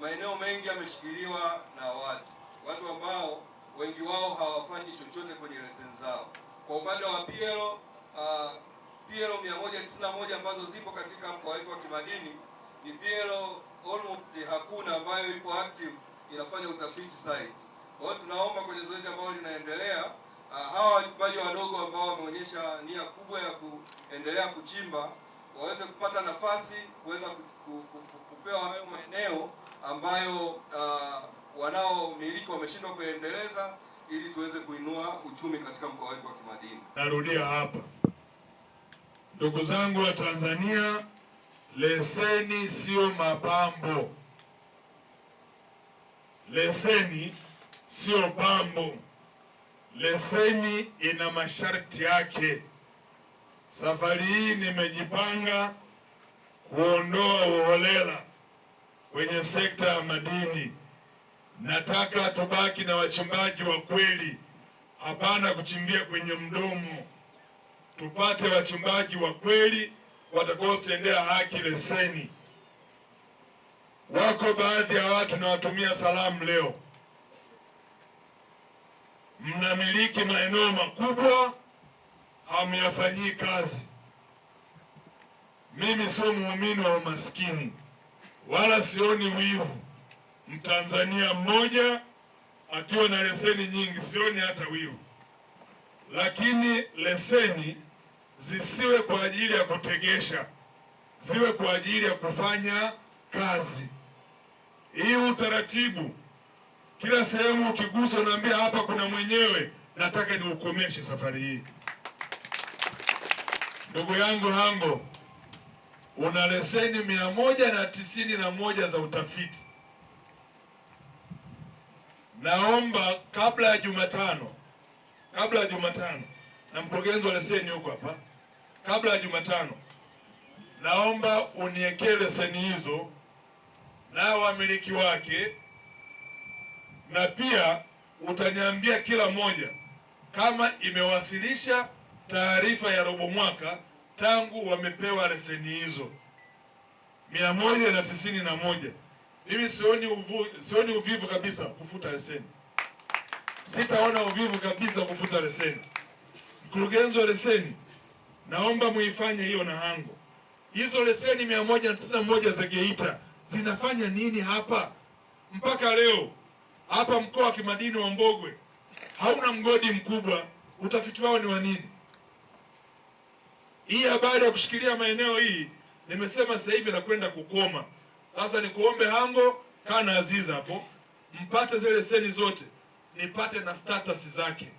maeneo mengi yameshikiliwa na watu watu ambao wengi wao hawafanyi chochote kwenye leseni zao. Kwa upande wa PLO uh, PLO 191 ambazo zipo katika mkoa wetu wa Kimadini ni PLO almost hakuna ambayo iko active inafanya utafiti site. Kwa hiyo tunaomba kwenye zoezi ambalo linaendelea uh, hawa wachimbaji wadogo ambao wameonyesha nia kubwa ya kuendelea kuchimba waweze kupata nafasi kuweza kupewa hayo maeneo ambayo uh, wanaomiliki wameshindwa kuendeleza ili tuweze kuinua uchumi katika mkoa wetu wa kimadini. Narudia hapa, ndugu zangu wa Tanzania, leseni sio mapambo, leseni sio pambo. Leseni ina masharti yake. Safari hii nimejipanga kuondoa kwenye sekta ya madini. Nataka tubaki na wachimbaji wa kweli, hapana kuchimbia kwenye mdomo. Tupate wachimbaji wa kweli watakaotendea haki leseni. Wako baadhi ya watu nawatumia salamu leo, mnamiliki maeneo makubwa hamyafanyii kazi. Mimi sio muumini wa umaskini wala sioni wivu. Mtanzania mmoja akiwa na leseni nyingi, sioni hata wivu, lakini leseni zisiwe kwa ajili ya kutegesha, ziwe kwa ajili ya kufanya kazi. Hii utaratibu kila sehemu ukigusa, unaambia hapa kuna mwenyewe, nataka niukomeshe safari hii, ndugu yangu Hango una leseni mia moja na tisini na moja za utafiti. Naomba kabla ya Jumatano, kabla ya Jumatano, na mkurugenzi wa leseni huko hapa, kabla ya Jumatano naomba uniekee leseni hizo na wamiliki wake, na pia utaniambia kila moja kama imewasilisha taarifa ya robo mwaka tangu wamepewa leseni hizo mia moja na tisini na moja. Mimi sioni uvu, sioni uvivu kabisa kufuta leseni, sitaona uvivu kabisa kufuta leseni. Mkurugenzi wa leseni, naomba muifanye hiyo na hango. Hizo leseni mia moja na tisini na moja za Geita zinafanya nini hapa? Mpaka leo hapa mkoa wa kimadini wa Mbogwe hauna mgodi mkubwa, utafiti wao ni wa nini? Hii baada ya kushikilia maeneo hii nimesema sasa hivi nakwenda kukoma. Sasa nikuombe hango kana aziza hapo mpate zile leseni zote nipate na status zake.